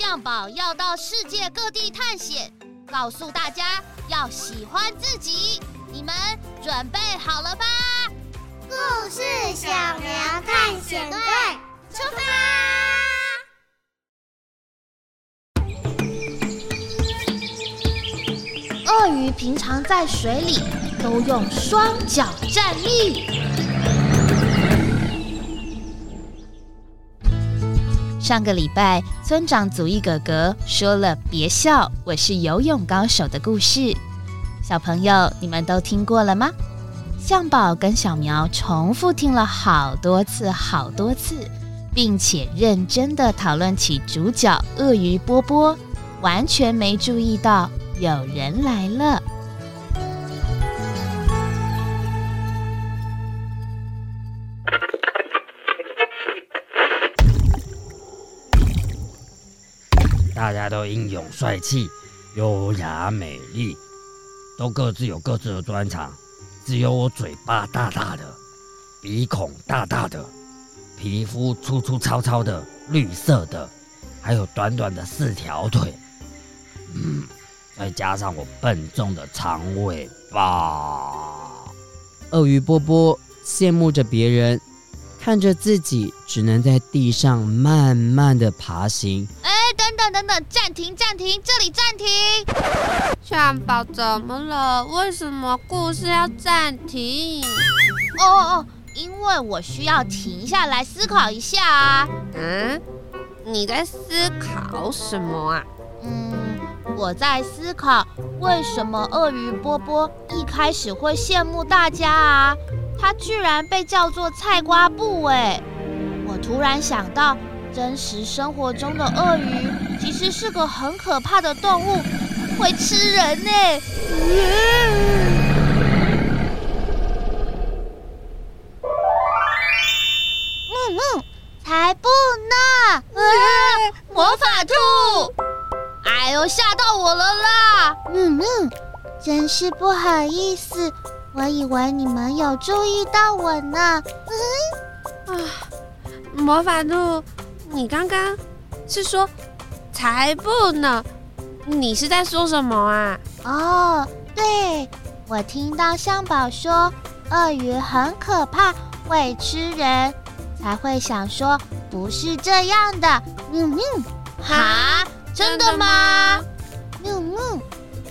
象寶要到世界各地探險，告訴大家要喜歡自己。你們準備好了吧？故事小苗探險隊出發！鱷魚平常在水裡都用雙腳站立。上個禮拜，村長祖義哥哥說了“別笑，我是游泳高手”的故事，小朋友你們都聽過了嗎？象寶跟小苗重複聽了好多次，好多次，並且認真的討論起主角鱷魚波波，完全沒注意到有人來了。大家都英勇帥氣、優雅美麗，都各自有各自的專長。只有我嘴巴大大的，鼻孔大大的，皮膚粗粗糙糙的綠色的，還有短短的四條腿。嗯，再加上我笨重的長尾巴。鱷魚波波羨慕着別人，看着自己只能在地上慢慢的爬行。等等，暫停，暫停，這裡暫停。象寶怎麼了？為什麼故事要暫停？哦哦，因為我需要停下來思考一下啊。嗯、啊，你在思考什麼啊？嗯，我在思考為什麼鱷魚波波一開始會羨慕大家啊？他居然被叫做菜瓜布耶。我突然想到。真實生活中的鱷魚其實是個很可怕的動物，會吃人呢。嗯嗯，才不呢。啊！魔法兔，哎呦，嚇到我了啦！嗯嗯，真是不好意思，我以為你們有注意到我呢。嗯。啊，魔法兔。你剛剛是說才不呢？你是在說什麼啊？哦，oh, 對，我聽到象寶說鱷魚很可怕，會吃人才會想說不是這樣的。嗯嗯，哈？Ha? 真的嗎？的嗎嗯嗯，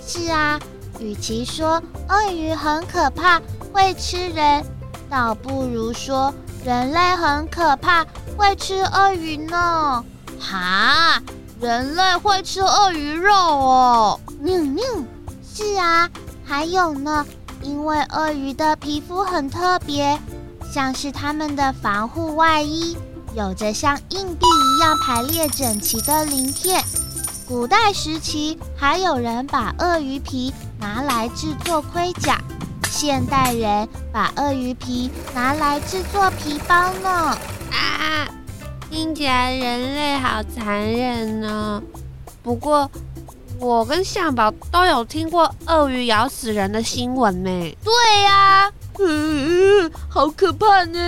是啊，與其說鱷魚很可怕會吃人，倒不如說人類很可怕。會吃鱷魚呢？哈，人類會吃鱷魚肉哦。寧寧，是啊，還有呢，因為鱷魚的皮膚很特別，像是它們的防護外衣，有着像硬幣一樣排列整齊的鱗片。古代時期還有人把鱷魚皮拿來製作盔甲，現代人把鱷魚皮拿來製作皮包呢。啊，聽起來人類好殘忍呢、哦。不過，我跟象寶都有聽過鱷魚咬死人的新聞呢。對呀、啊，嗯，好可怕呢。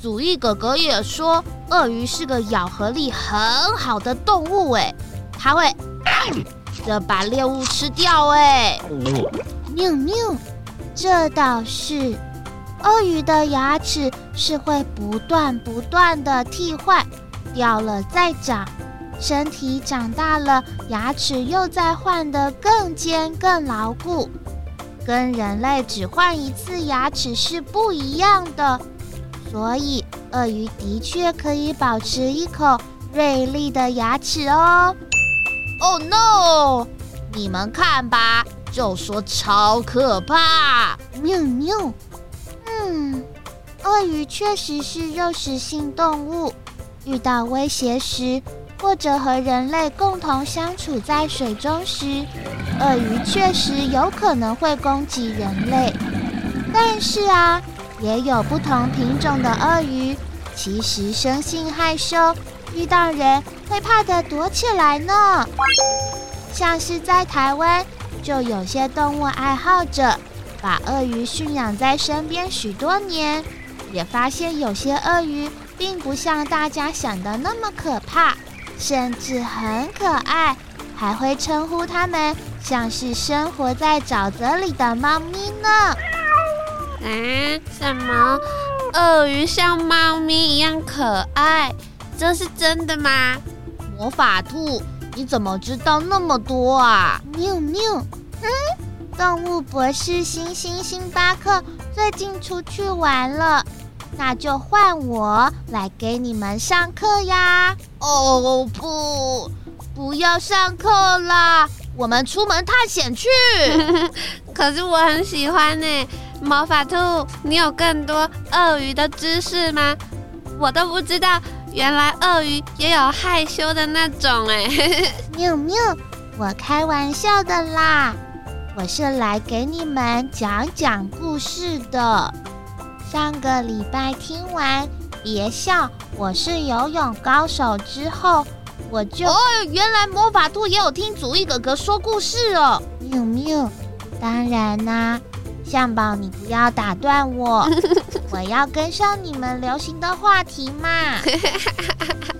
祖義哥哥也說，鱷魚是個咬合力很好的動物哎，它會的、嗯、把獵物吃掉哎、哦。這倒是。鱷魚的牙齒是會不斷不斷地替換，掉了再長，身體長大了，牙齒又再換得更尖更牢固，跟人類只換一次牙齒是不一樣的，所以鱷魚的確可以保持一口銳利的牙齒哦。Oh no！你們看吧，就說超可怕，喵喵。鱷魚確實是肉食性動物，遇到威脅時，或者和人類共同相處在水中時，鱷魚確實有可能會攻擊人類。但是啊，也有不同品種的鱷魚其實生性害羞，遇到人會怕得躲起來呢。像是在台灣，就有些動物愛好者把鱷魚馴養在身邊許多年。也發現有些鱷魚並不像大家想的那麼可怕，甚至很可愛，還會稱呼它們像是生活在沼澤裡的貓咪呢。嗯、啊？什麼？鱷魚像貓咪一樣可愛？這是真的嗎？魔法兔，你怎麼知道那麼多啊？喵喵，嗯，動物博士猩猩猩巴克最近出去玩了。那就換我來給你們上課呀！哦、oh, 不，不要上課啦，我們出門探險去。 可是我很喜歡呢，魔法兔，你有更多鱷魚的知識嗎？我都不知道，原來鱷魚也有害羞的那種哎。喵 喵，我開玩笑的啦，我是來給你們講講故事的。上個禮拜聽完別笑，我是游泳高手之後，我就哦，原來魔法兔也有聽主意哥哥說故事哦、啊。沒有沒有，當然啦、啊，象寶你不要打斷我， 我要跟上你們流行的話題嘛。哈哈哈哈哈。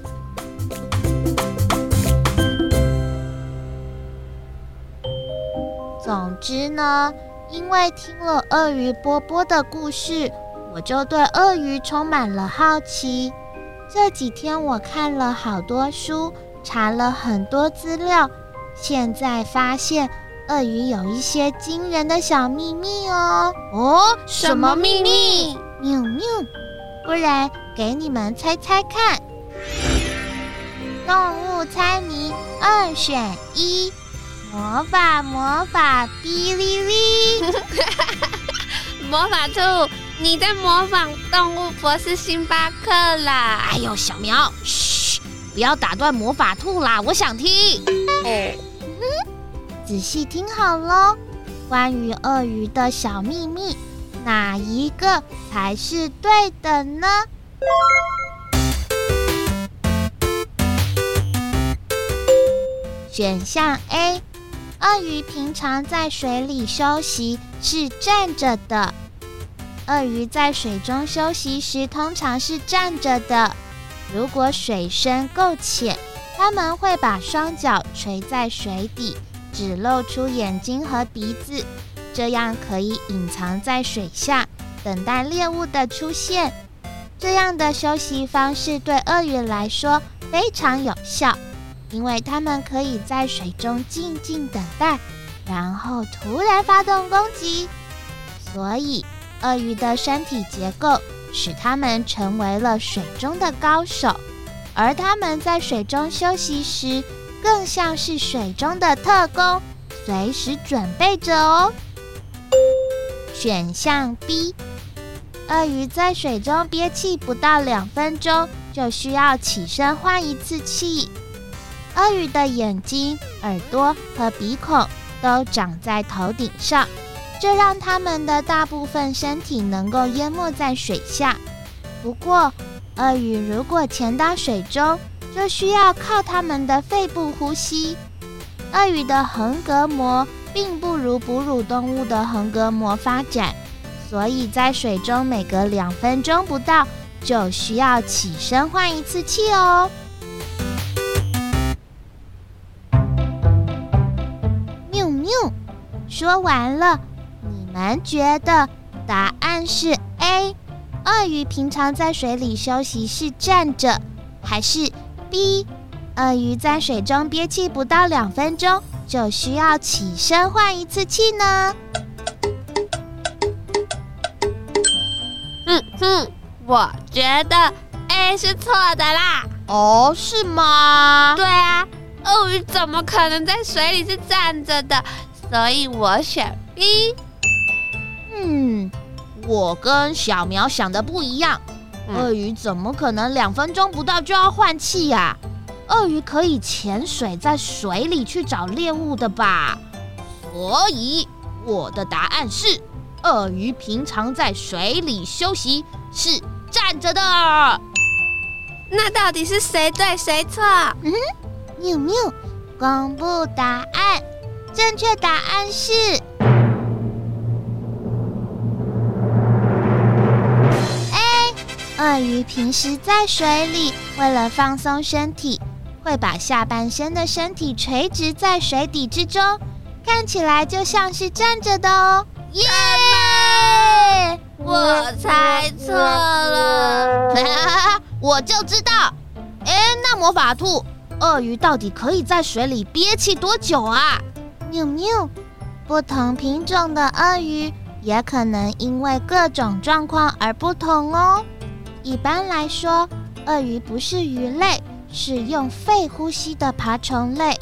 總之呢，因為聽了鱷魚波波的故事。我就對鱷魚充滿了好奇。這幾天我看了好多書，查了很多資料，現在發現鱷魚有一些驚人的小秘密哦。哦，什麼秘密？秘密命命？不然給你們猜猜看。動物猜謎，二選一。魔法，魔法，嗶哩哩。 魔法兔。你在模仿動物博士猩巴克啦，哎呦，小苗，噓，不要打斷魔法兔啦，我想聽。哎、嗯，仔細聽好嘍，關於鱷魚的小秘密，哪一個才是對的呢？選項 A，鱷魚平常在水裡休息是站着的。鱷魚在水中休息時通常是站着的。如果水深夠淺，它們會把雙腳垂在水底，只露出眼睛和鼻子，這樣可以隱藏在水下，等待獵物的出現。這樣的休息方式對鱷魚來說非常有效，因為它們可以在水中靜靜等待，然後突然發動攻擊。所以。鱷魚的身體結構使它們成為了水中的高手，而它們在水中休息時，更像是水中的特工，隨時準備着哦。選項 B，鱷魚在水中憋氣不到兩分鐘就需要起身換一次氣。鱷魚的眼睛、耳朵和鼻孔都長在頭頂上。這讓它們的大部分身體能夠淹沒在水下。不過，鱷魚如果潛到水中，就需要靠它們的肺部呼吸。鱷魚的橫膈膜並不如哺乳動物的橫膈膜發展，所以在水中每隔兩分鐘不到就需要起身換一次氣哦。喵喵，說完了。你們覺得答案是 A 鱷魚平常在水裡休息是站着，還是 B 鱷魚在水中憋氣不到兩分鐘就需要起身換一次氣呢？嗯哼、嗯，我覺得 A 是錯的啦。哦，是嗎？對啊，鱷魚怎麼可能在水裡是站着的？所以我選 B。我跟小苗想的不一樣，鱷魚怎麼可能兩分鐘不到就要換氣呀、啊？鱷魚可以潛水在水裡去找獵物的吧？所以我的答案是，鱷魚平常在水裡休息是站着的。那到底是誰對誰錯？嗯，牛牛公布答案，正確答案是。鱷魚平時在水裡，為了放鬆身體，會把下半身的身體垂直在水底之中，看起來就像是站着的哦。耶、yeah! 啊，我猜錯了， 我就知道。誒，那魔法兔，鱷魚到底可以在水裡憋氣多久啊？牛牛，不同品種的鱷魚也可能因為各種狀況而不同哦。一般來說，鱷魚不是魚類，是用肺呼吸的爬蟲類。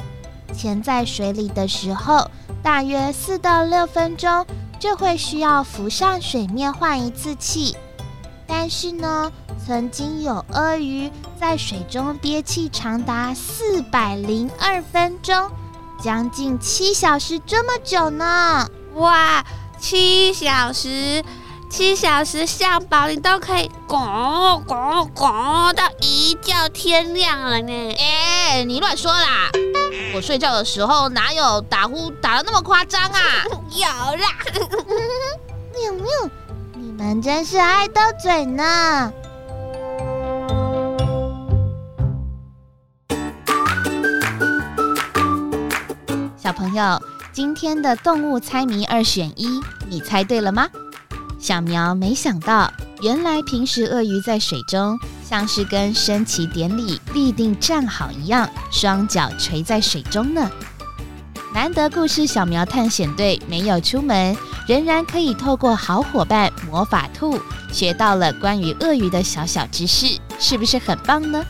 潛在水裡的時候，大約四到六分鐘就會需要浮上水面換一次氣。但是呢，曾經有鱷魚在水中憋氣長達四百零二分鐘，將近七小時這麼久呢。哇，七小時！七小時，象寶，你都可以滾滾滾到一覺天亮了呢！哎、欸，你亂說啦！我睡覺的時候哪有打呼打的那麼誇張啊？ 有啦！ 有有？你們真是愛鬥嘴呢！小朋友，今天的動物猜謎二選一，你猜對了嗎？小苗沒想到，原來平時鱷魚在水中，像是跟升旗典禮立定站好一樣，雙腳垂在水中呢。難得故事小苗探險隊沒有出門，仍然可以透過好夥伴魔法兔，學到了關於鱷魚的小小知識，是不是很棒呢？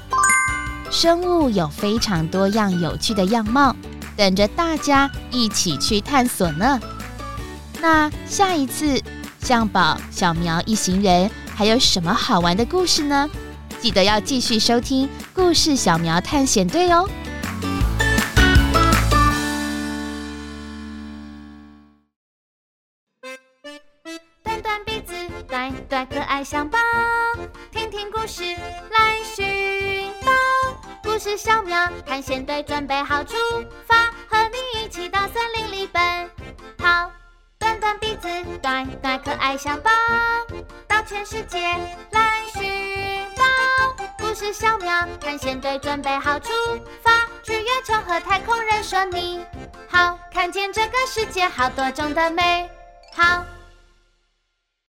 生物有非常多樣有趣的樣貌，等着大家一起去探索呢。那下一次。象寶、小苗一行人還有什麼好玩的故事呢？記得要繼續收聽《故事小苗探險隊》哦！短短鼻子，短短可愛象寶，聽聽故事來尋寶。故事小苗探險隊準備好出發，和你一起到森林裡奔。子短短可愛象寶，到全世界來尋寶。故事小苗探險隊準備好出發，去月球和太空人說你好。看見這個世界好多種的美好。